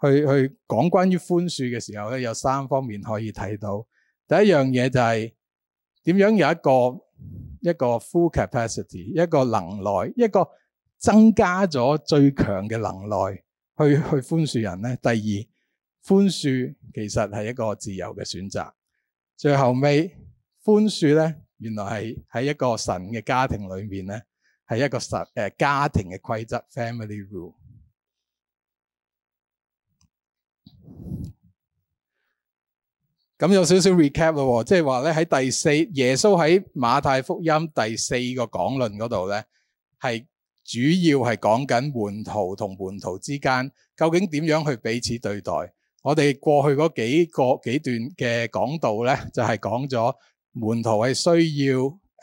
去去講關於寬恕嘅時候咧，有三方面可以睇到。第一樣嘢就係點樣有一個一個 full capacity，一個能耐，一個增加咗最強嘅能耐去去寬恕人咧。第二，寬恕其實係一個自由嘅選擇。最後尾寬恕咧，原來係喺一個神嘅家庭裏面咧，係一個神誒、呃、家庭嘅規則 （family rule）。咁有少少 recap 啦，即係話咧喺第四耶穌喺馬太福音第四個講論嗰度咧，係主要係講緊門徒同門徒之間究竟點樣去彼此對待。我哋過去嗰幾個幾段嘅講道咧，就係講咗門徒係需要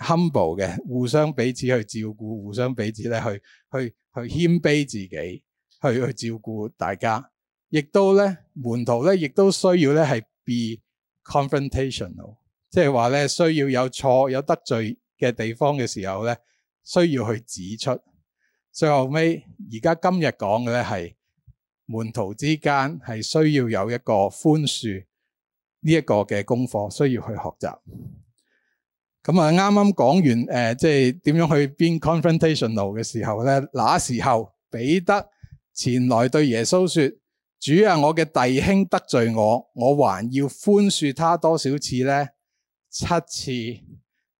humble 嘅，互相彼此去照顧，互相彼此咧去去去去謙卑自己，去去照顧大家。亦都咧，門徒咧，亦都需要咧係 be confrontational，即係話咧需要有錯有得罪嘅地方嘅時候咧，需要去指出。最後尾而家今日講嘅咧係門徒之間係需要有一個寬恕呢一個嘅功課需要去學習。咁啊啱啱講完誒、呃，即係點樣去 be confrontational 嘅時候咧，那時候彼得前來對耶穌說。主啊，我嘅弟兄得罪我，我還要寬恕他多少次呢？七次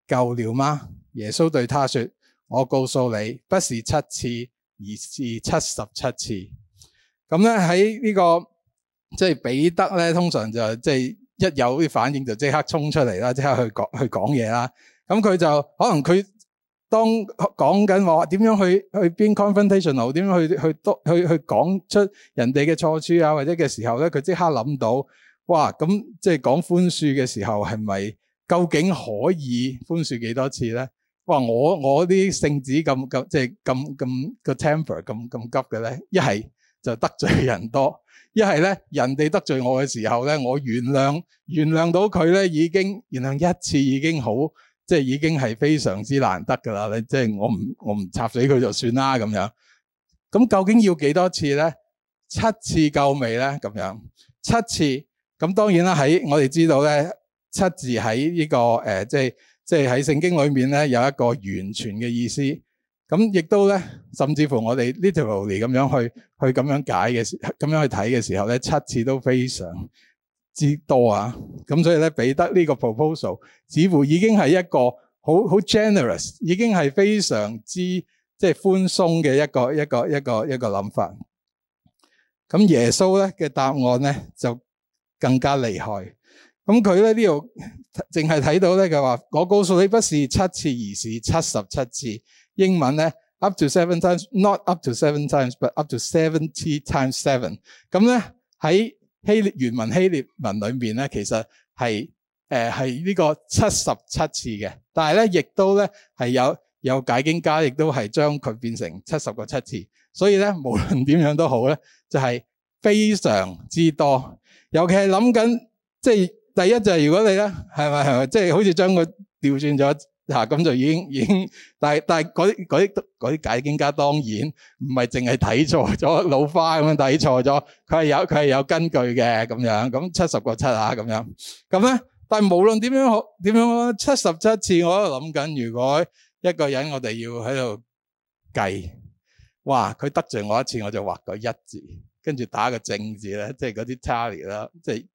夠了嗎？耶穌對他說：我告訴你，不是七次，而是七十七次。咁咧喺呢個即係彼得咧，通常就即係一有啲反應就即刻衝出嚟啦，即刻去講去講嘢啦。咁佢就可能佢。當講緊話點樣去去邊 confrontational，點樣去去多去去講出人哋嘅錯處啊，或者嘅時候咧，佢即刻諗到，哇！咁即係講寬恕嘅時候，係咪究竟可以寬恕幾多次咧？哇！我我啲性子咁咁即係咁咁個 temper 咁咁急嘅咧，一係就得罪人多，一係咧人哋得罪我嘅時候咧，我原諒原諒到佢咧，已經原諒一次已經好。即係已經係非常之難得噶啦，你即係我唔我唔插死佢就算啦咁樣。咁究竟要幾多次咧？七次夠未咧？咁樣，七次。咁當然啦，喺我哋知道咧，七字喺呢個誒、呃，即係即係喺聖經裏面咧有一個完全嘅意思。咁亦都咧，甚至乎我哋 literally 咁樣去去咁樣解嘅時，咁樣去睇嘅時候咧，七次都非常。至多啊，咁所以咧彼得呢個 proposal，似乎已經係一個好好 generous，已經係非常之即係、就是、寬鬆嘅一個一個一個一個諗法。咁、嗯、耶穌咧嘅答案咧就更加厲害。咁佢咧呢度淨係睇到咧，佢話我告訴你，不是七次，而是七十七次。英文咧 up to seven times，not up to seven times，but up to seventy times seven、嗯。咁咧喺希原文希列文裏面咧，其實係誒係呢個七十七次嘅，但係咧亦都咧係有有解經家亦都係將佢變成七十個七次，所以咧無論點樣都好咧，就係、是、非常之多，尤其係諗緊即係第一就係如果你咧係咪係咪，即係、就是、好似將佢調轉咗。嗱，咁、啊、就已經已經，但係但係嗰啲啲啲解經家當然唔係淨係睇錯咗老花咁樣睇錯咗，佢係有佢係有根據嘅咁樣。咁七十個七啊咁樣，咁咧，但係無論點樣好點樣，七十七次我喺度諗緊，如果一個人我哋要喺度計，哇！佢得罪我一次，我就畫個一字，跟住打個正字咧，即係嗰啲 tally 啦，即係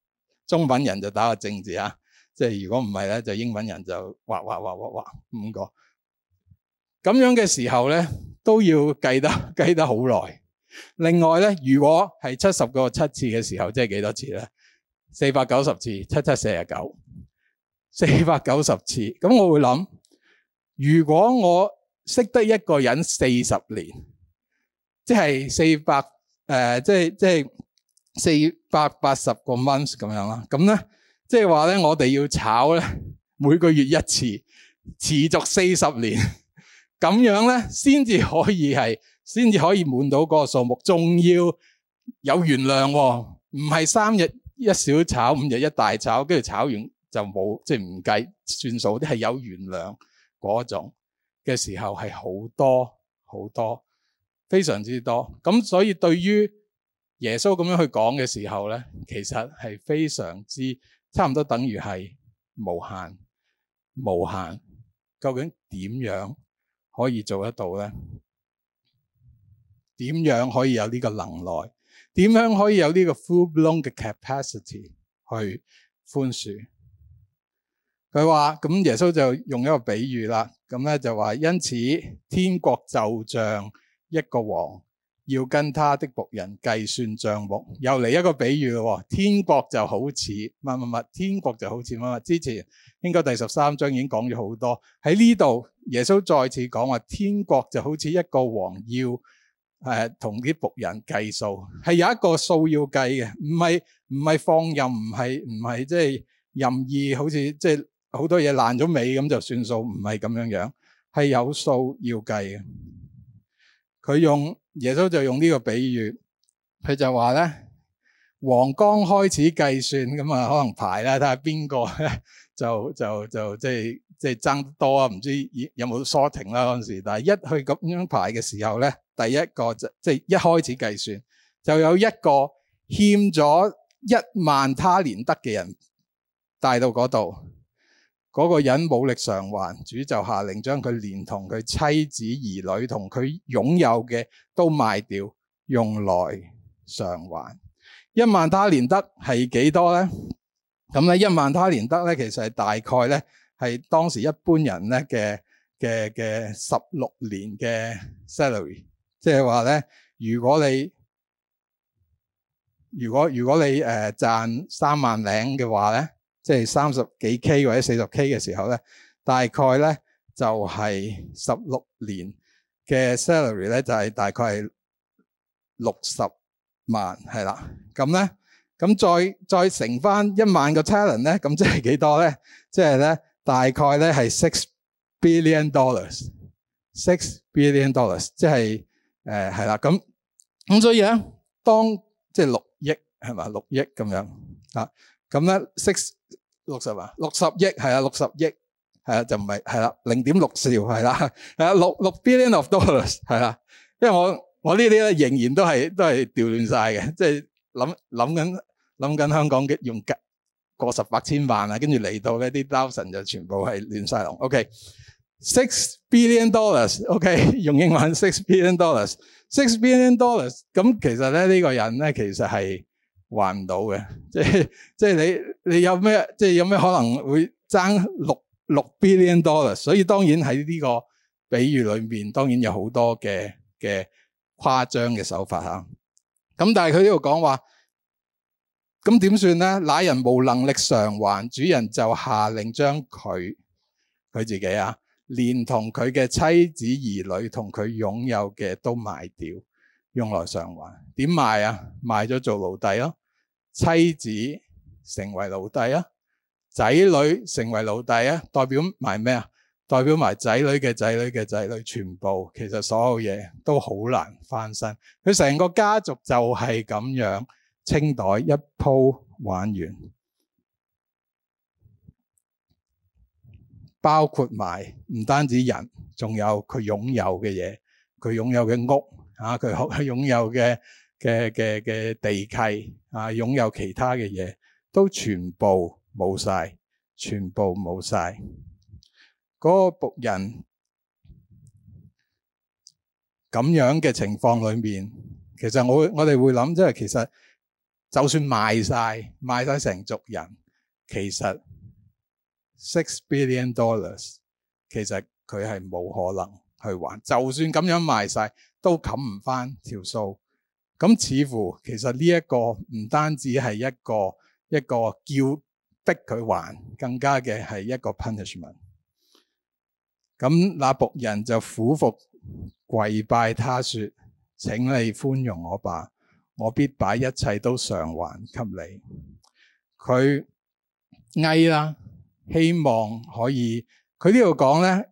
中文人就打個正字啊！即係如果唔係咧，就英文人就畫畫畫畫畫五個咁樣嘅時候咧，都要計得計得好耐。另外咧，如果係七十個七次嘅時候，即係幾多次咧？四百九十次，七七四十九，四百九十次。咁我會諗，如果我識得一個人四十年，即係四百誒、呃，即係即係四百八十個 month 咁樣啦。咁咧。即係話咧，我哋要炒咧，每個月一次，持續四十年，咁樣咧，先至可以係，先至可以滿到嗰個數目。仲要有原量，哦，唔係三日一小炒，五日一大炒，跟住炒完就冇，即係唔計算數啲，係有原量嗰種嘅時候係好多好多，非常之多。咁所以對於耶穌咁樣去講嘅時候咧，其實係非常之。差唔多等於係無限無限，究竟點樣可以做得到咧？點樣可以有呢個能耐？點樣可以有呢個 full blown 嘅 capacity 去寬恕？佢話，咁耶穌就用一個比喻啦，咁咧就話：「因此，天國就像一個王。」要跟他的僕人計算賬目，又嚟一個比喻咯。天國就好似乜乜乜，天國就好似乜乜。之前應該第十三章已經講咗好多，喺呢度耶穌再次講話，天國就好似一個王要誒同啲僕人計數，係有一個數要計嘅，唔係唔係放任，唔係唔係即係任意，好似即係好多嘢爛咗尾咁就算數，唔係咁樣樣，係有數要計嘅。佢用。耶穌就用呢個比喻，佢就話咧，王剛開始計算，咁啊可能排啦，睇下邊個咧就就就即係即係爭得多啊，唔知有冇 sorting 啦嗰時，但係、 就是、一去咁樣排嘅時候咧，第一個就即係一開始計算，就有一個欠咗一萬他連得嘅人帶到嗰度。嗰個人冇力償還，主就下令將佢連同佢妻子、兒女同佢擁有嘅都賣掉，用來償還。一萬他連德係幾多咧？咁咧，一萬他連德咧，其實係大概咧，係當時一般人咧嘅嘅嘅十六年嘅 salary，即係話咧，如果你如果如果你誒賺、呃、三萬零嘅話咧。即係三十幾 K 或者四十 K 嘅時候咧，大概咧就係十六年嘅 salary 咧就係、是、大概係六十萬係啦。咁咧，咁再再乘翻一萬個 talent 咧，咁即係幾多咧？即係咧大概咧係 six billion dollars，six billion dollars，即係誒係啦。咁、呃、咁所以咧，當即係六億係咪？六億咁樣啊？咁咧，six 六十萬，六十億係啊，六十億係啊，就唔係係啦，零點六兆係啦，係啊，六六 billion of dollars 係啊，因為我我呢啲咧仍然都係都係調亂曬嘅，即係諗諗緊諗緊香港嘅用吉過十八千萬啊，跟住嚟到咧啲 thousand 就全部係亂曬龍。OK，six billion dollars，OK，用英文 six billion dollars，six billion dollars。咁其實咧呢個人咧其實係。還唔到嘅，即係即係你你有咩即係有咩可能會爭六六 billion dollars，所以當然喺呢個比喻裏面，當然有好多嘅嘅誇張嘅手法吓。咁、啊、但係佢呢度講話，咁點算咧？乃人冇能力償還，主人就下令將佢佢自己啊，連同佢嘅妻子兒女同佢擁有嘅都賣掉，用來償還。點賣啊？賣咗做奴隸咯。妻子成為奴隸啊，仔女成為奴隸啊，代表埋咩啊？代表埋仔女嘅仔女嘅仔女，全部其實所有嘢都好難翻身。佢成個家族就係咁樣清袋一鋪玩完，包括埋唔單止人，仲有佢擁有嘅嘢，佢擁有嘅屋啊，佢擁有嘅。嘅嘅嘅地契啊，擁有其他嘅嘢都全部冇晒，全部冇晒，嗰個僕人咁樣嘅情況裏面，其實我我哋會諗，即係其實就算賣晒賣晒成族人，其實 six billion dollars 其實佢係冇可能去還，就算咁樣賣晒都冚唔翻條數。咁似乎其實呢一個唔單止係一個一個叫逼佢還，更加嘅係一個 punishment。咁那，那僕人就俯伏跪拜他說，他説：請你寬容我吧，我必把一切都償還給你。佢哀啦，希望可以。佢呢度講咧。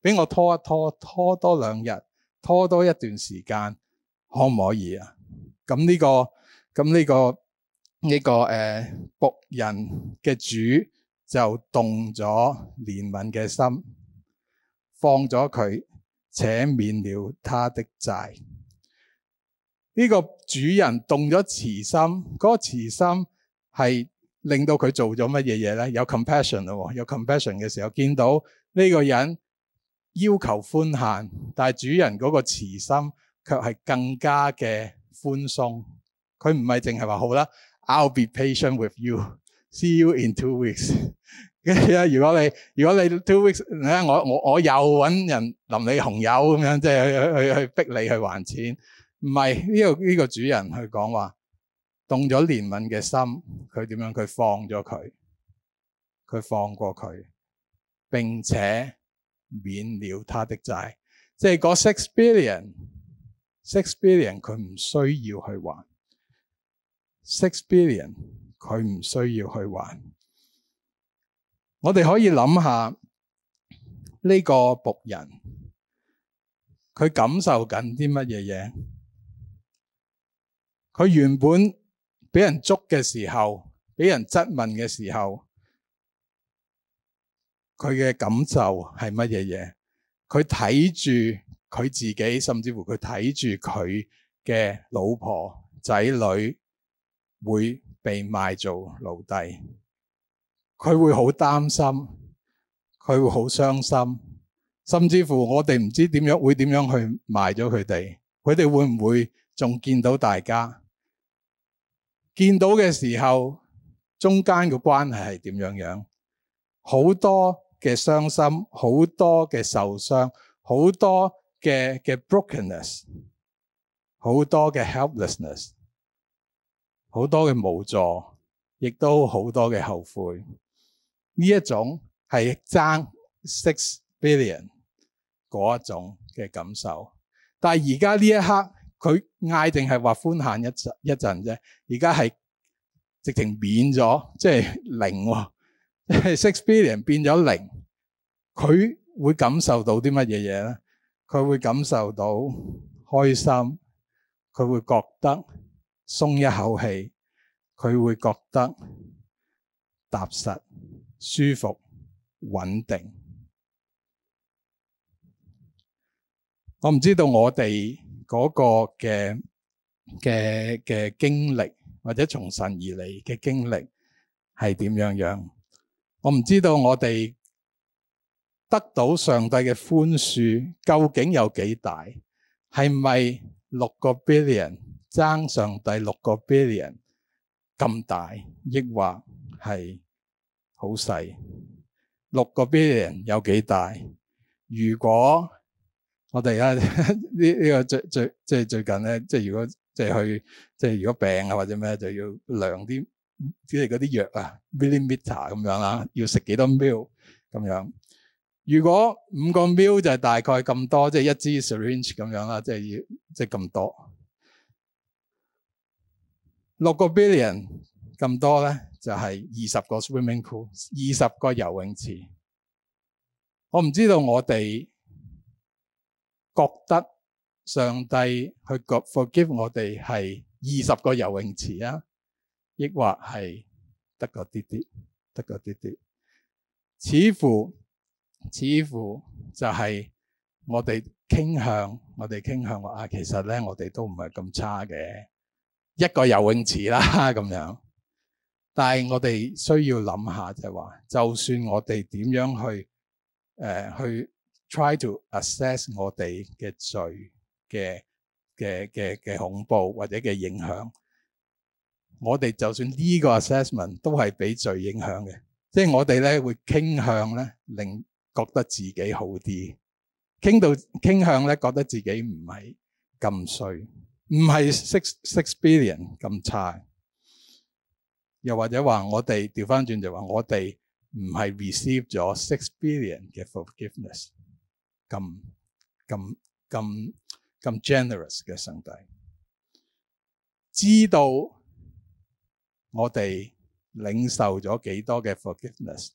俾我拖一拖，拖多兩日，拖多一段時間，可唔可以啊？咁呢個，咁呢個，呢個誒僕人嘅主就動咗憐憫嘅心，放咗佢，且免了他的債。呢個主人動咗慈心，嗰個慈心係令到佢做咗乜嘢嘢咧？有 compassion 咯，有 compassion 嘅時候，見到呢個人。要求寬限，但係主人嗰個慈心卻係更加嘅寬鬆。佢唔係淨係話好啦，I'll be patient with you. See you in two weeks. 跟住咧，如果你如果你 two weeks 咧，我我我又揾人淋你紅油咁樣，即係去去去逼你去還錢。唔係呢個呢個主人去講話，動咗憐憫嘅心，佢點樣？佢放咗佢，佢放過佢，並且，免了他的債，即係嗰 six billion，six billion 佢唔需要去還，six billion 佢唔需要去還。我哋可以諗下呢個僕人，佢感受緊啲乜嘢嘢？佢原本俾人捉嘅時候，俾人質問嘅時候。佢嘅感受係乜嘢嘢佢睇住佢自己，甚至乎佢睇住佢嘅老婆仔女會被賣做奴隸，佢會好擔心，佢會好傷心，甚至乎我哋唔知點樣會點樣去賣咗佢哋，佢哋會唔會仲見到大家？見到嘅時候，中間嘅關係係點樣樣？好多。嘅傷心，好多嘅受傷，好多嘅嘅 brokenness，好多嘅 helplessness，好多嘅無助，亦都好多嘅後悔。呢一種係爭 six billion 嗰一種嘅感受。但係而家呢一刻，佢嗌定係話寬限一陣一陣啫。而家係直情免咗，即係零喎。six billion 變咗零，佢會感受到啲乜嘢嘢咧？佢會感受到開心，佢會覺得鬆一口氣，佢會覺得踏實、舒服、穩定。我唔知道我哋嗰個嘅嘅嘅經歷，或者從神而嚟嘅經歷係點樣樣。我唔知道我哋得到上帝嘅寬恕究竟有幾大，係咪六個 billion 爭上帝六個 billion 咁大，抑或係好細？六個 billion 有幾大？如果我哋而家呢呢個最最即係最近咧，即係如果即係去即係如果病啊或者咩就要量啲。即係嗰啲藥啊 millimeter 咁樣啦，要食幾多 mill 咁樣？如果五個 mill 就係大概咁多，即係一支 syringe 咁樣啦，即係要即係咁多。六個 billion 咁多咧，就係二十個 swimming pool，二十個游泳池。我唔知道我哋覺得上帝去、God、forgive 我哋係二十個游泳池啊。抑或係得嗰啲啲，得嗰啲啲，似乎似乎就係我哋傾向，我哋傾向話啊，其實咧我哋都唔係咁差嘅，一個游泳池啦咁樣。但係我哋需要諗下就係話，就算我哋點樣去誒、呃、去 try to assess 我哋嘅罪嘅嘅嘅嘅恐怖或者嘅影響。我哋就算呢個 assessment 都係俾罪影響嘅，即係我哋咧會傾向咧令覺得自己好啲，傾到傾向咧覺得自己唔係咁衰，唔係 six six billion 咁差。又或者話我哋調返轉就話我哋唔係 receive 咗 six billion 嘅 forgiveness 咁咁咁咁 generous 嘅上帝，知道。我哋領受咗幾多嘅 forgiveness，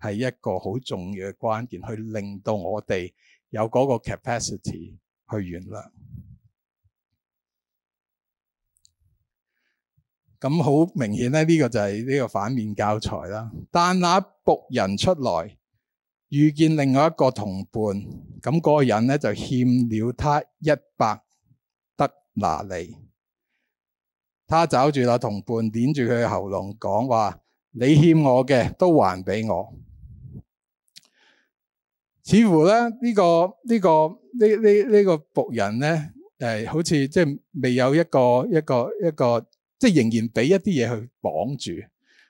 係一個好重要嘅關鍵，去令到我哋有嗰個 capacity 去原諒。咁好明顯咧，呢、這個就係呢個反面教材啦。但那僕人出來遇見另外一個同伴，咁、那、嗰個人咧就欠了他一百德拿利。他找住那同伴，捏住佢嘅喉嚨，講話：你欠我嘅都還俾我。似乎咧呢、呢個呢、呢個呢呢呢個僕人咧，誒、呃，好似即係未有一個一個一個,一個，即係仍然俾一啲嘢去綁住，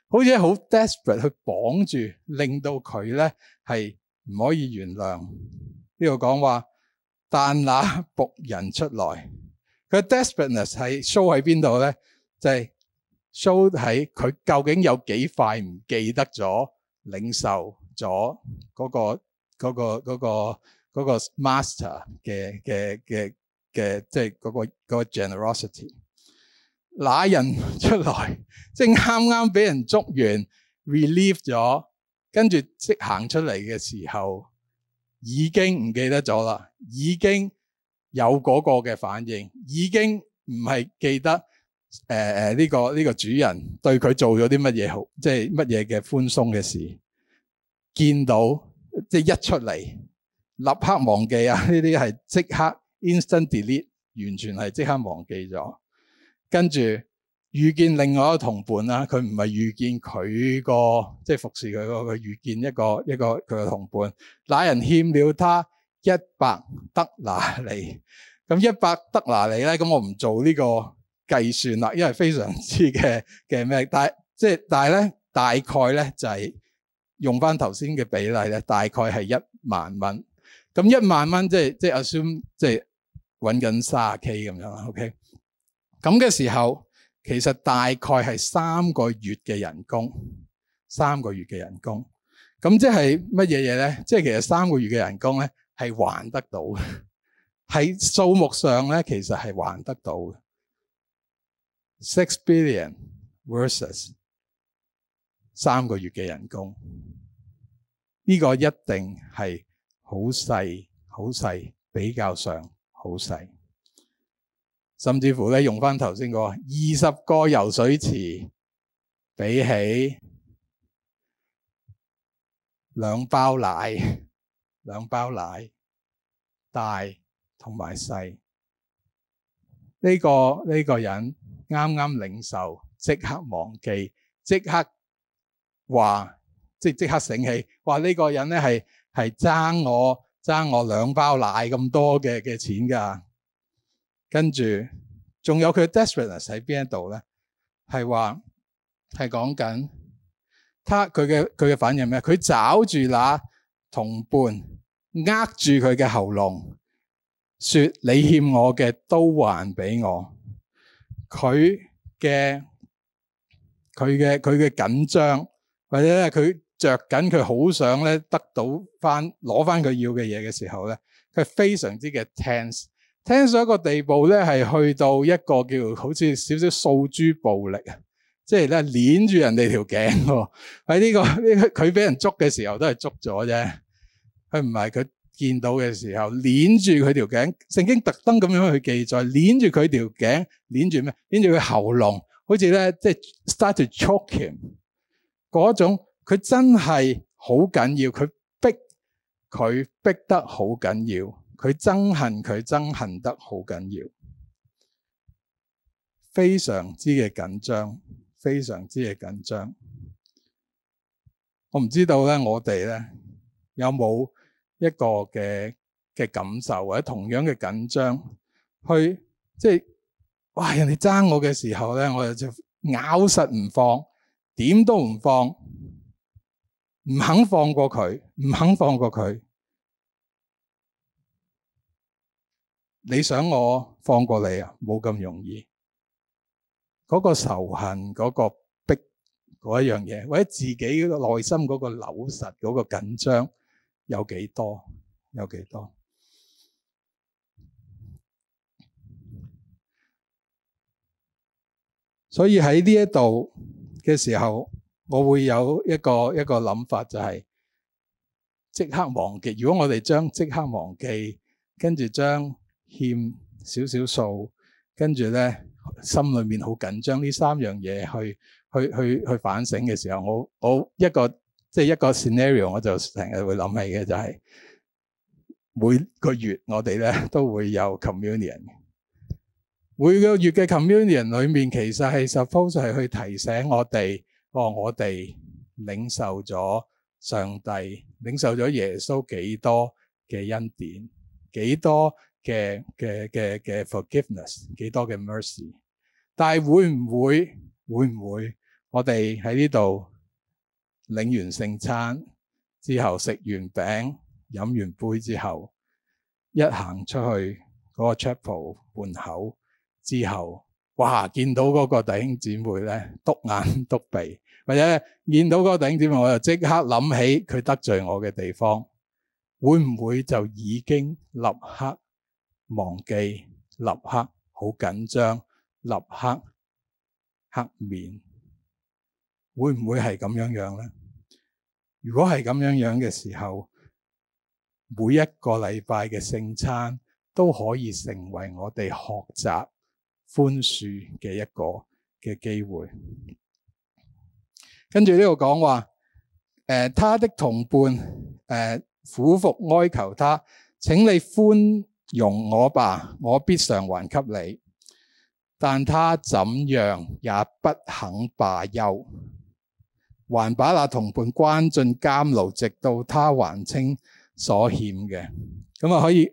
好似好 desperate 去綁住，令到佢咧係唔可以原諒呢、呢個講話。但那僕人出來，佢嘅 desperateness 係 show 喺邊度咧？即係 show 喺佢究竟有幾快唔記得咗領受咗嗰個、嗰個、嗰個、嗰個、嗰個 master 嘅嘅嘅嘅，即係嗰個、嗰個 generosity，嗱人出來，即係啱啱俾人捉完 relieved 咗，跟住即行出嚟嘅時候，已經唔記得咗啦，已經有嗰個嘅反應，已經唔係記得。誒誒，呢、呃這個呢、這個主人對佢做咗啲乜嘢好，即係乜嘢嘅寬鬆嘅事？見到即係一出嚟，立刻忘記啊！呢啲係即刻 instant delete，完全係即刻忘記咗。跟住遇見另外一個同伴啦，佢唔係遇見佢個即係服侍佢個，佢遇見一個一個佢個同伴，那人欠了他一百德拿利。咁一百德拿利咧，咁我唔做呢、這個。計算啦，因為非常之嘅嘅咩，但即係但係咧，大概咧就係、是、用翻頭先嘅比例咧，大概係一萬蚊。咁一萬蚊即係即係 assume 即係搵緊卅 k 咁樣，ok。咁嘅時候，其實大概係三個月嘅人工，三個月嘅人工。咁即係乜嘢嘢咧？即係其實三個月嘅人工咧，係還得到嘅，喺數目上咧，其實係還得到嘅。Six billion versus 三個月嘅人工，呢個一定係好細，好細比較上好細，甚至乎咧，用翻頭先個二十個游水池比起兩包奶，兩包奶大同埋細，呢個呢個人。啱啱領受，即刻忘記，即刻話，即即刻醒起，話呢個人咧係係爭我爭我兩包奶咁多嘅嘅錢㗎。跟住仲有佢嘅 desperateness 喺邊一度咧，係話係講緊他佢嘅佢嘅反應咩？佢抓住那同伴，握住佢嘅喉嚨，說：你欠我嘅都還俾我。佢嘅佢嘅佢嘅緊張，或者咧佢着緊佢好想咧得到翻攞翻佢要嘅嘢嘅時候咧，佢非常之嘅 tense，tense 到一個地步咧，係去到一個叫好似少少訴諸暴力啊，即係咧捏住人哋條頸喎。喺呢、呢個呢佢俾人捉嘅時候都係捉咗啫，佢唔係佢。見到嘅時候，捏住佢條頸，聖經特登咁樣去記載，捏住佢條頸，捏住咩？捏住佢喉嚨，好似咧，即係 start to choke him 嗰種。佢真係好緊要，佢逼佢逼得好緊要，佢憎恨佢憎恨得好緊要，非常之嘅緊張，非常之嘅緊張。我唔知道咧，我哋咧有冇？一個嘅嘅感受，或者同樣嘅緊張，去即係哇！人哋爭我嘅時候咧，我就就咬實唔放，點都唔放，唔肯放過佢，唔肯放過佢。你想我放過你啊？冇咁容易。嗰個仇恨，嗰個逼，嗰一樣嘢，或者自己個內心嗰個扭實，嗰個緊張。有幾多？有幾多？所以喺呢一度嘅時候，我會有一個一個諗法，就是，就係即刻忘記。如果我哋將即刻忘記，跟住將欠少少數，跟住咧心裡面好緊張呢三樣嘢，去去去去反省嘅時候，我我一個。即係一個 scenario，我就成日會諗起嘅就係、是、每個月我哋咧都會有 communion。每個月嘅 communion 裏面其實係 suppose 係去提醒我哋，哦，我哋領受咗上帝領受咗耶穌幾多嘅恩典，幾多嘅嘅嘅嘅嘅 forgiveness，幾多嘅 mercy。但係會唔會會唔會我哋喺呢度？領完聖餐之後，食完餅、飲完杯之後，一行出去嗰個 chapel 門口之後，哇！見到嗰個弟兄姊妹咧，篤眼篤鼻，或者見到嗰個弟兄姊妹，我就即刻諗起佢得罪我嘅地方，會唔會就已經立刻忘記？立刻好緊張，立刻黑面。會唔會係咁樣樣咧？如果係咁樣樣嘅時候，每一個禮拜嘅聖餐都可以成為我哋學習寬恕嘅一個嘅機會。跟住呢度講話，誒、呃，他的同伴誒、呃，苦苦哀求他，請你寬容我吧，我必償還給你。但他怎樣也不肯罷休。還把那同伴關進監牢，直到他還清所欠嘅。咁啊，可以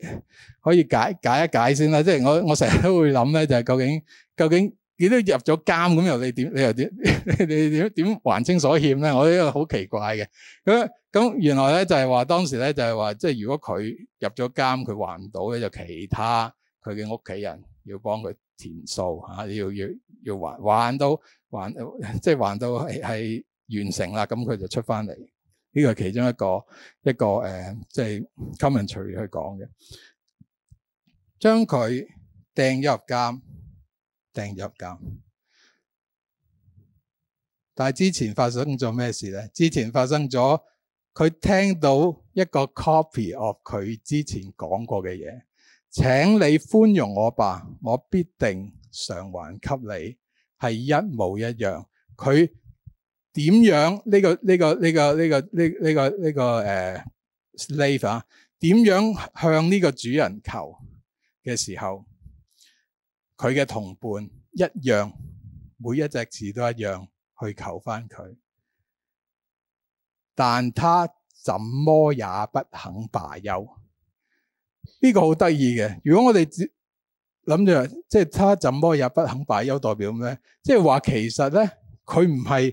可以解解一解先啦。即係我我成日都會諗咧，就係究竟究竟佢都入咗監咁，又你點你又點你點點還清所欠咧？我呢個好奇怪嘅。咁咁原來咧就係話當時咧就係話，即係如果佢入咗監，佢還唔到咧，就其他佢嘅屋企人要幫佢填數嚇、啊，要要要還還到還即係還到係。完成啦，咁佢就出翻嚟。呢、這個係其中一個一個誒，即、呃、係、就是、commentary 去講嘅。將佢掟入監，掟入監。但係之前發生咗咩事咧？之前發生咗，佢聽到一個 copy of 佢之前講過嘅嘢。請你寬容我吧，我必定償還給你，係一模一樣。佢。點樣呢個呢個呢個呢個呢呢個呢個誒 slave 啊？點樣向呢個主人求嘅時候，佢嘅同伴一樣，每一隻字都一樣去求翻佢，但他怎麼也不肯罷休。呢個好得意嘅。如果我哋諗住即係他怎麼也不肯罷休，代表咩？即係話其實咧，佢唔係。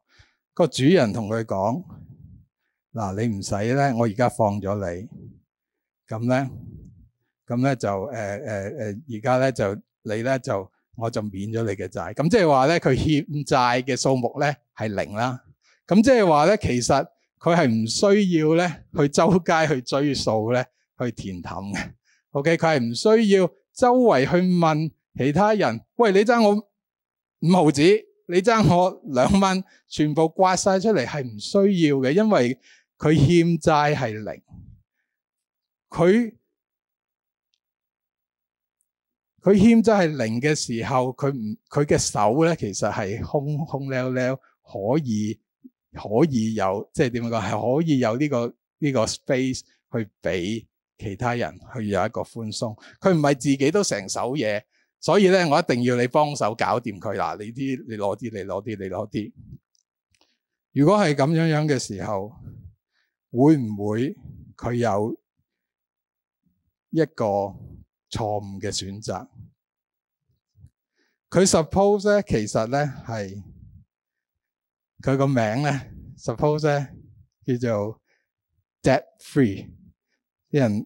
個主人同佢講：嗱、啊，你唔使咧，我而家放咗你。咁咧，咁咧、呃呃、就誒誒誒，而家咧就你咧就我就免咗你嘅債。咁即係話咧，佢欠債嘅數目咧係零啦。咁即係話咧，其實佢係唔需要咧去周街去追數咧，去填氹嘅。OK，佢係唔需要周圍去問其他人：喂，你爭我五毫子，你爭我兩蚊，兩全部刮晒出嚟，係唔需要嘅，因為佢欠債係零，佢佢欠債係零嘅時候，佢唔佢嘅手咧其實係空空溜溜，可以可以有即係點講係可以有呢、這個呢、這個 space 去俾其他人去有一個寬鬆，佢唔係自己都成手嘢。所以咧，我一定要你幫手搞掂佢嗱，你啲你攞啲，你攞啲，你攞啲。如果係咁樣樣嘅時候，會唔會佢有一個錯誤嘅選擇？佢 suppose 咧，其實咧係佢個名咧，suppose 咧叫做 debt free。啲人。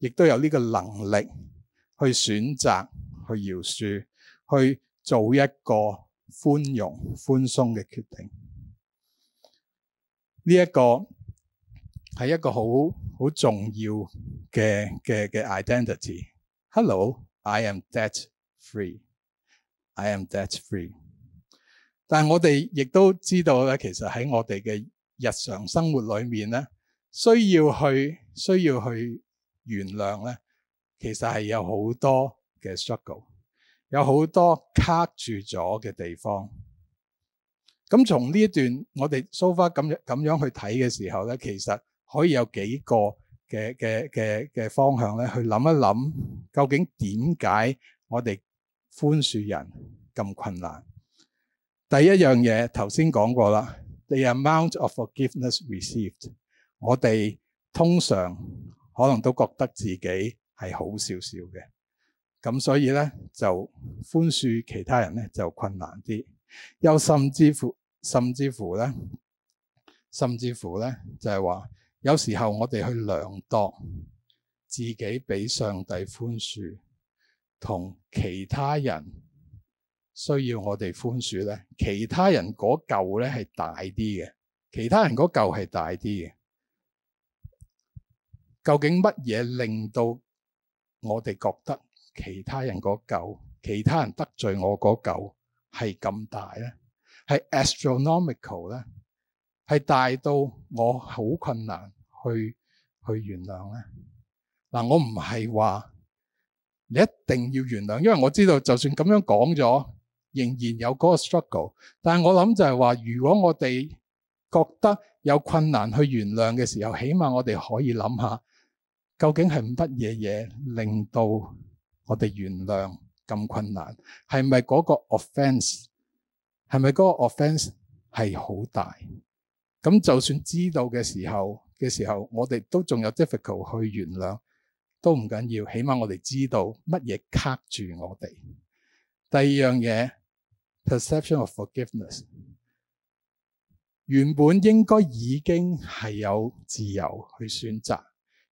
亦都有呢個能力去選擇、去饒恕、去做一個寬容、寬鬆嘅決定。呢一個係一個好好重要嘅嘅嘅 identity。Hello, I am debt free. I am debt free。但係我哋亦都知道咧，其實喺我哋嘅日常生活裏面咧，需要去、需要去。原諒咧，其實係有好多嘅 struggle，有好多卡住咗嘅地方。咁從呢一段我哋 so far 咁樣咁樣去睇嘅時候咧，其實可以有幾個嘅嘅嘅嘅方向咧，去諗一諗究竟點解我哋寬恕人咁困難？第一樣嘢頭先講過啦，the amount of forgiveness received，我哋通常，可能都覺得自己係好少少嘅，咁所以咧就寬恕其他人咧就困難啲，又甚至乎甚至乎咧，甚至乎咧就係話，有時候我哋去量度自己俾上帝寬恕同其他人需要我哋寬恕咧，其他人嗰嚿咧係大啲嘅，其他人嗰嚿係大啲嘅。究竟乜嘢令到我哋覺得其他人嗰嚿、其他人得罪我嗰嚿係咁大咧？係 astronomical 咧？係大到我好困難去去原諒咧？嗱、啊，我唔係話你一定要原諒，因為我知道就算咁樣講咗，仍然有嗰個 struggle。但係我諗就係話，如果我哋覺得有困難去原諒嘅時候，起碼我哋可以諗下。究竟係乜嘢嘢，令到我哋原諒咁困難？係咪嗰個 offense？係咪嗰個 offense 係好大？咁就算知道嘅時候嘅時候，時候我哋都仲有 difficult 去原諒，都唔緊要。起碼我哋知道乜嘢卡住我哋。第二樣嘢，perception of forgiveness，原本應該已經係有自由去選擇。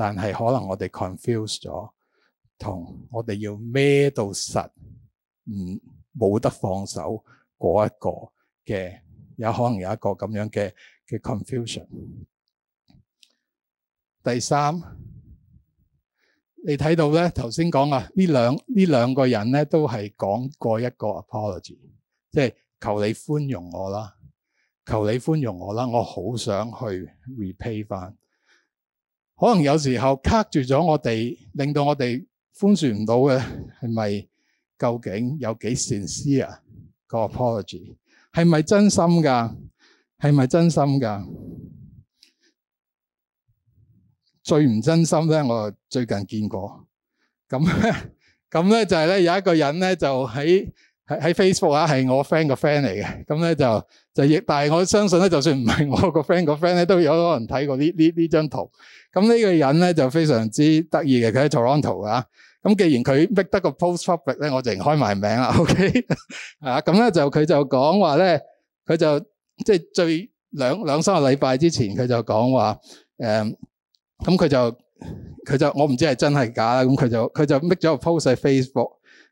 但係可能我哋 confuse 咗，同我哋要孭到實，唔冇得放手嗰一個嘅，有可能有一個咁樣嘅嘅 confusion。第三，你睇到咧，頭先講啊，呢兩呢兩個人咧都係講過一個 apology，即係求你寬容我啦，求你寬容我啦，我好想去 repay 翻。可能有時候卡住咗我哋，令到我哋寬恕唔到嘅係咪？是是究竟有幾善思啊？個 apology 係咪真心㗎？係咪真心㗎？最唔真心咧，我最近見過。咁咁咧就係咧，有一個人咧就喺喺 Facebook 啊，係我 friend 個 friend 嚟嘅，咁咧就就亦，但係我相信咧，就算唔係我個 friend 個 friend 咧，都有可能睇過呢呢呢張圖。咁呢個人咧就非常之得意嘅，佢喺 Toronto 啊。咁既然佢 make 得個 post public 咧，我就開埋名啦，OK？係咁咧就佢就講話咧，佢就即係最兩兩三個禮拜之前，佢就講話誒，咁、嗯、佢就佢就我唔知係真係假啦。咁佢就佢就 make 咗個 post 喺 Facebook。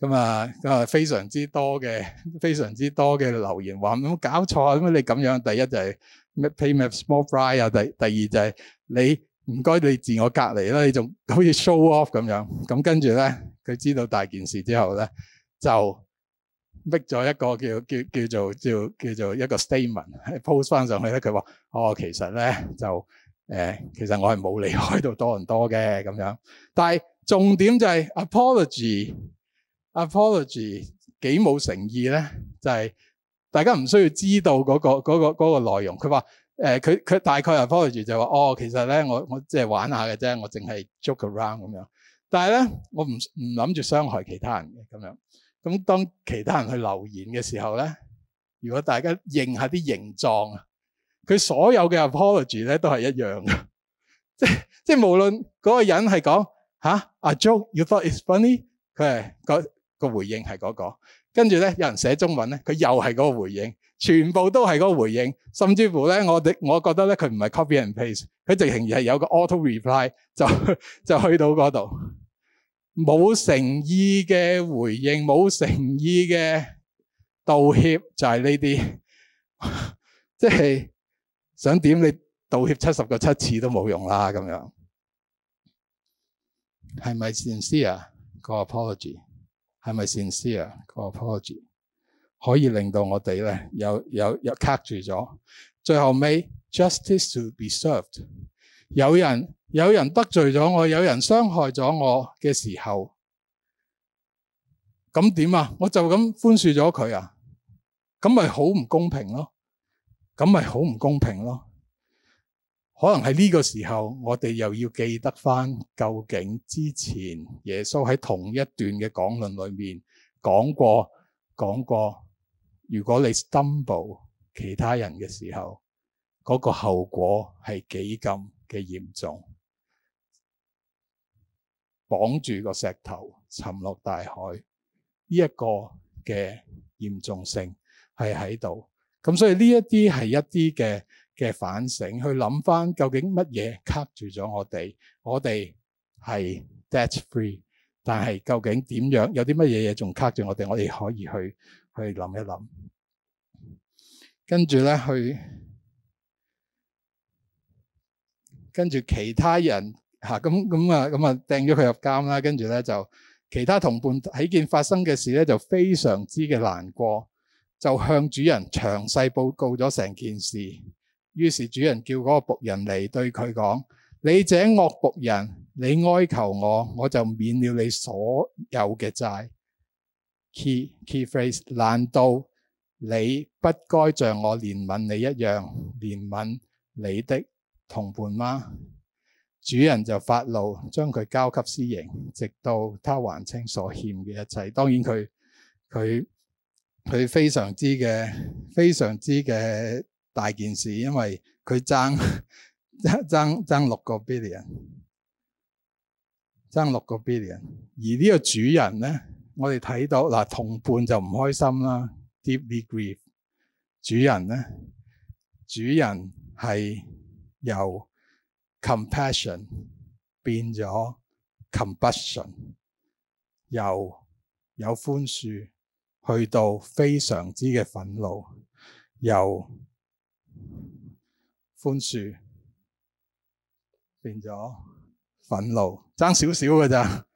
咁啊，啊非常之多嘅，非常之多嘅留言話咁搞錯啊！咁你咁樣，第一就係咩 Paymap Small Fry 啊，第、就是、第二就係、是、你唔該你自我隔離啦，你仲好似 show off 咁樣。咁跟住咧，佢知道大件事之後咧，就搣咗一個叫叫叫做叫叫做一個 statement 喺 post 翻上去咧，佢話：哦，其實咧就誒、呃，其實我係冇離開到多倫多嘅咁樣。但係重點就係 apology。apology 幾冇誠意咧？就係、係、大家唔需要知道嗰、嗰個嗰、嗰個內、嗰個、容。佢話誒，佢、呃、佢大概 apology 就話哦，其實咧我我即係玩下嘅啫，我淨係 joke around 咁樣。但係咧，我唔唔諗住傷害其他人嘅咁樣。咁當其他人去留言嘅時候咧，如果大家認下啲形狀，佢所有嘅 apology 咧都係一樣嘅。 即即無論嗰個人係講吓，阿、啊、joke，You thought it's funny？佢係個回應係嗰個，跟住咧有人寫中文咧，佢又係嗰個回應，全部都係嗰個回應，甚至乎咧，我哋我覺得咧，佢唔係 copy and paste，佢直情而係有個 auto reply 就就去到嗰度，冇誠意嘅回應，冇誠意嘅道歉就係呢啲， 即係想點，你道歉七十個七次都冇用啦，咁樣係咪 sincere 個 apology？係咪 sincere 啊？個 project 可以令到我哋咧有有有卡住咗？最後尾 justice to be served，有人有人得罪咗我，有人傷害咗我嘅時候，咁點啊？我就咁寬恕咗佢啊？咁咪好唔公平咯？咁咪好唔公平咯？可能喺呢個時候，我哋又要記得返，究竟之前耶穌喺同一段嘅講論裏面講過，講過，如果你 stumble 其他人嘅時候，嗰個後果係幾咁嘅嚴重，綁住個石頭沉落大海，呢一個嘅嚴重性係喺度。咁所以呢一啲係一啲嘅。嘅反省，去諗翻究竟乜嘢卡住咗我哋？我哋係 debt free，但係究竟點樣？有啲乜嘢嘢仲卡住我哋？我哋可以去去諗一諗。跟住咧，去跟住其他人吓，咁咁啊，咁啊，掟咗佢入監啦。跟住咧就其他同伴睇見發生嘅事咧，就非常之嘅難過，就向主人詳細報告咗成件事。於是主人叫嗰個僕人嚟對佢講：你這惡僕人，你哀求我，我就免了你所有嘅債。Key key phrase，難道你不該像我憐憫你一樣憐憫你的同伴嗎？主人就發怒，將佢交給私刑，直到他還清所欠嘅一切。當然佢佢佢非常之嘅，非常之嘅。大件事，因為佢爭爭爭六個 billion，爭六個 billion。而呢個主人咧，我哋睇到嗱，同伴就唔開心啦，deeply grief 主。主人咧，主人係由 compassion 變咗 combustion，由有寬恕去到非常之嘅憤怒，由寬恕變咗憤怒，爭少少嘅咋？點點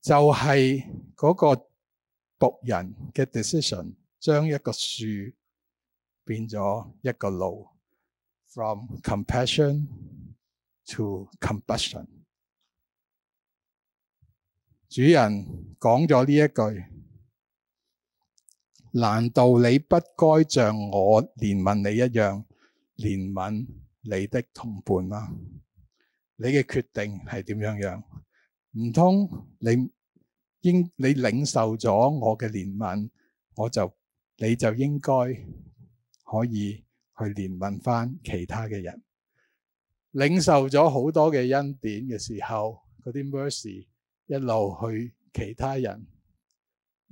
就係嗰個僕人嘅 decision，將一個樹變咗一個路。From compassion to combustion。主人講咗呢一句，難道你不該像我憐憫你一樣？憐憫你的同伴啦，你嘅決定係點樣樣？唔通你應你領受咗我嘅憐憫，我就你就應該可以去憐憫翻其他嘅人。領受咗好多嘅恩典嘅時候，嗰啲 mercy 一路去其他人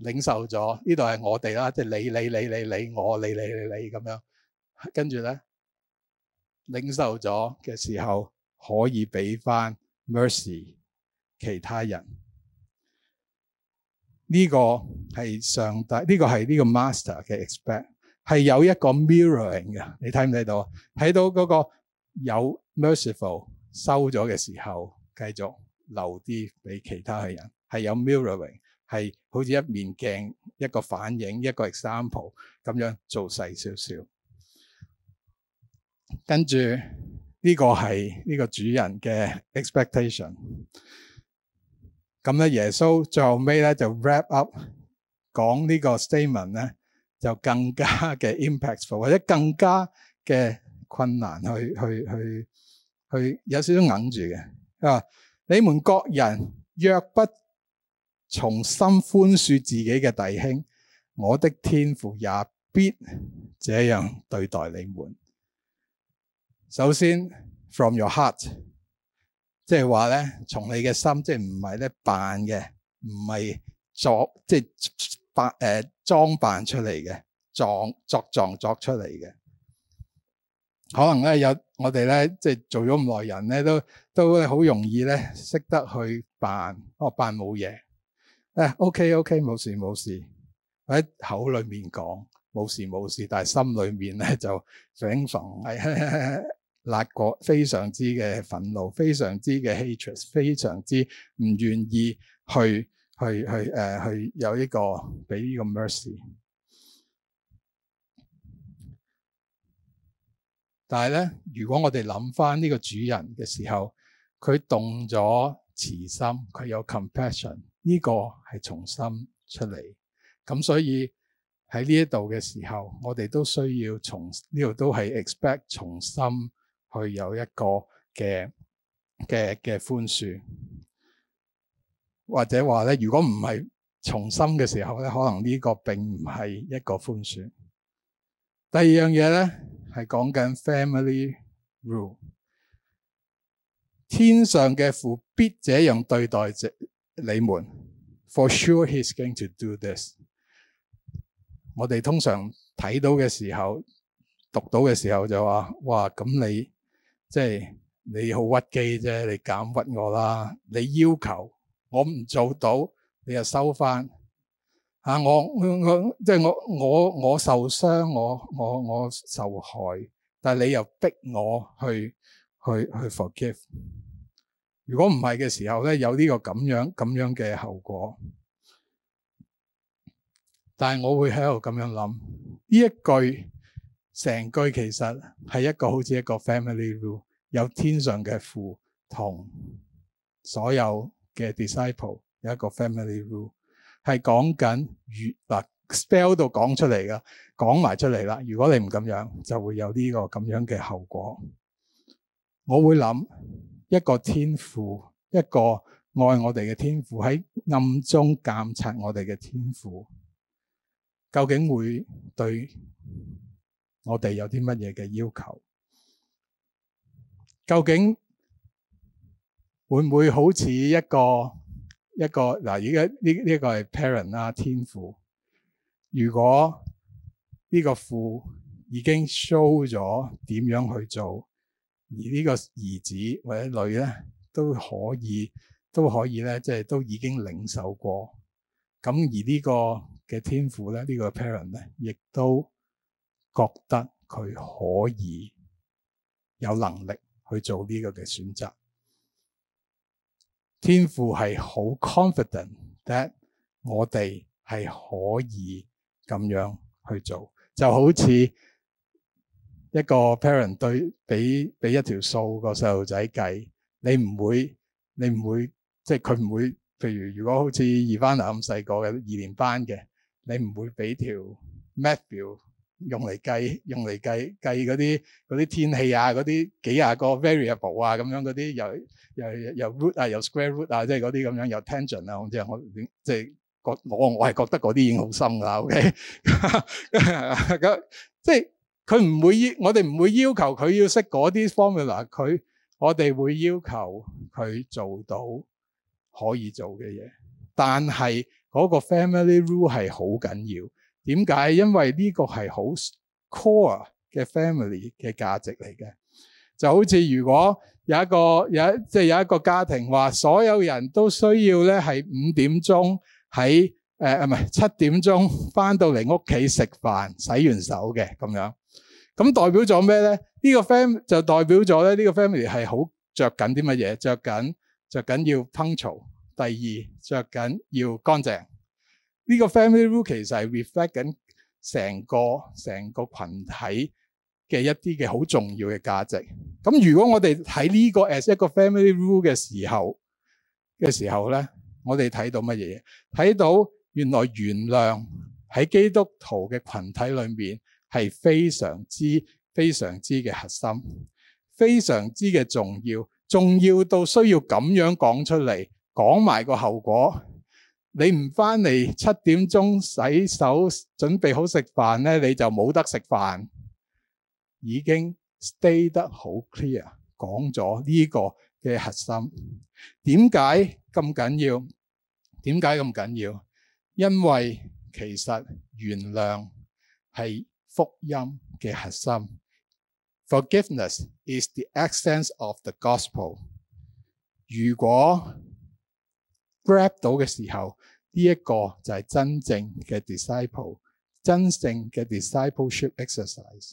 領受咗。呢度係我哋啦，即係你你你你我你我你你你你咁樣，跟住咧。領受咗嘅時候，可以俾翻 mercy 其他人。呢、這個係上帝，呢、這個係呢個 master 嘅 expect，係有一個 mirroring 嘅。你睇唔睇到？睇到嗰個有 merciful 收咗嘅時候，繼續留啲俾其他嘅人，係有 mirroring，係好似一面鏡，一個反應，一個 example 咁樣做細少少。跟住呢個係呢個主人嘅 expectation。咁咧，耶穌最後尾咧就 wrap up 講呢個 statement 咧就更加嘅 impactful，或者更加嘅困難去，去去去去有少少硬住嘅啊。你們各人若不從心寬恕自己嘅弟兄，我的天父也必這樣對待你們。首先，from your heart，即係話咧，從你嘅心，即係唔係咧扮嘅，唔係作，即係扮誒裝扮出嚟嘅，裝作裝作出嚟嘅。可能咧有我哋咧，即係做咗咁耐人咧，都都好容易咧識得去扮，哦，扮冇嘢。誒，OK OK，冇事冇事，喺口裏面講冇事冇事，但係心裏面咧就頂撞。嗯 辣個非常之嘅憤怒，非常之嘅 hatred，非常之唔願意去去去誒、呃、去有呢個俾呢個 mercy。但係咧，如果我哋諗翻呢個主人嘅時候，佢動咗慈心，佢有 compassion，呢個係從心出嚟。咁所以喺呢一度嘅時候，我哋都需要從呢度都係 expect 從心。去有一個嘅嘅嘅寬恕，或者話咧，如果唔係從心嘅時候咧，可能呢個並唔係一個寬恕。第二樣嘢咧，係講緊 family rule。天上嘅父必這樣對待你們，for sure he's going to do this。我哋通常睇到嘅時候，讀到嘅時候就話：哇，咁你。即係你好屈機啫，你咁屈我啦！你要求我唔做到，你又收翻嚇、啊、我，我即係我我我受傷，我我我受害，但係你又逼我去去去 forgive。如果唔係嘅時候咧，有呢、這個咁樣咁樣嘅後果。但係我會喺度咁樣諗呢一句。成句其實係一個好似一個 family rule，有天上嘅父同所有嘅 disciple 有一個 family rule，係講緊語嗱、呃、spell 度講出嚟㗎，講埋出嚟啦。如果你唔咁樣，就會有呢、這個咁樣嘅後果。我會諗一個天父，一個愛我哋嘅天父喺暗中監察我哋嘅天父，究竟會對？我哋有啲乜嘢嘅要求？究竟會唔會好似一個一個嗱？而家呢呢一個係、呢個、parent 啦、啊，天父。如果呢個父已經 show 咗點樣去做，而呢個兒子或者女咧都可以，都可以咧，即係都已經領受過。咁而呢個嘅天父咧，呢、呢個 parent 咧，亦都，覺得佢可以有能力去做呢個嘅選擇，天父係好 confident that 我哋係可以咁樣去做，就好似一個 parent 對俾俾一條數個細路仔計，你唔會你唔會即係佢唔會，譬如如果好似伊凡娜咁細個嘅二年班嘅，你唔會俾條 math 表。用嚟計，用嚟計，計嗰啲嗰啲天氣啊，嗰啲幾廿個 variable 啊，咁樣嗰啲又又又 root 啊，又 square root 啊，即係嗰啲咁樣，又 tangent 啊，我即係我即係覺我我係覺得嗰啲已經好深噶啦，OK？咁即係佢唔會要，我哋唔會要求佢要識嗰啲 formula，佢我哋會要求佢做到可以做嘅嘢，但係嗰個 family rule 係好緊要。點解？因為呢個係好 core 嘅 family 嘅價值嚟嘅，就好似如果有一個有即係有一個家庭話，所有人都需要咧係五點鐘喺誒，唔係七點鐘翻到嚟屋企食飯、洗完手嘅咁樣，咁代表咗咩咧？呢個 family 就代表咗咧呢個 family 係好著緊啲乜嘢？著緊著緊要烹調，第二著緊要乾淨。呢個 family rule 其實係 reflect 緊成個成個群體嘅一啲嘅好重要嘅價值。咁如果我哋睇呢個 as 一個 family rule 嘅時候，嘅時候咧，我哋睇到乜嘢？睇到原來原諒喺基督徒嘅群體裏面係非常之非常之嘅核心，非常之嘅重要，重要到需要咁樣講出嚟，講埋個後果。你唔翻嚟七點鐘洗手，準備好食飯咧，你就冇得食飯。已經 stay 得好 clear 講咗呢個嘅核心。點解咁緊要？點解咁緊要？因為其實原諒係福音嘅核心。Forgiveness is the essence of the gospel。如果 grab 到嘅時候，呢一個就係真正嘅 disciple，真正嘅 discipleship exercise。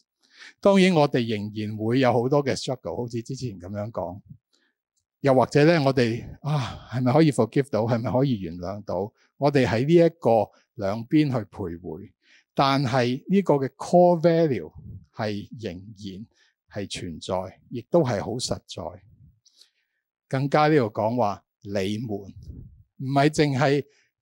當然我哋仍然會有好多嘅 struggle，好似之前咁樣講。又或者咧，我哋啊，係咪可以 forgive 到？係咪可以原諒到？我哋喺呢一個兩邊去徘徊。但係呢個嘅 core value 係仍然係存在，亦都係好實在。更加呢度講話，你們唔係淨係，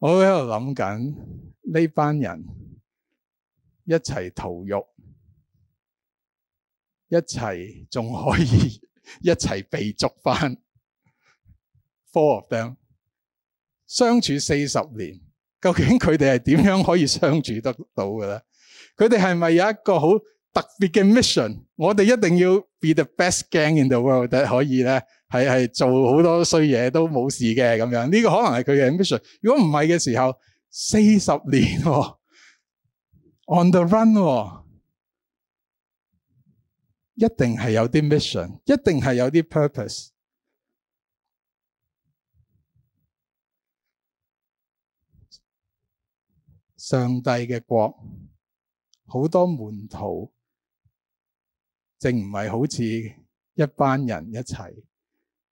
我喺度諗緊呢班人一齊逃獄，一齊仲可以一齊被捉翻。Four of them 相處四十年，究竟佢哋係點樣可以相處得到嘅咧？佢哋係咪有一個好特別嘅 mission？我哋一定要 be the best gang in the world，得可以咧？係係做好多衰嘢都冇事嘅咁樣，呢個可能係佢嘅 mission。如果唔係嘅時候，四十年喎，on the run 喎，一定係有啲 mission，一定係有啲 purpose。上帝嘅國，好多門徒，正唔係好似一班人一齊。